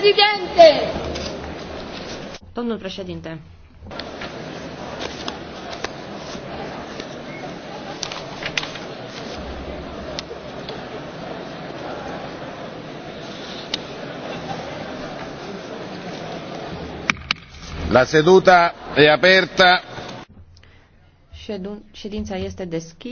Presidente! Domnul președinte. La seduta e aperta. Ședința este deschisă.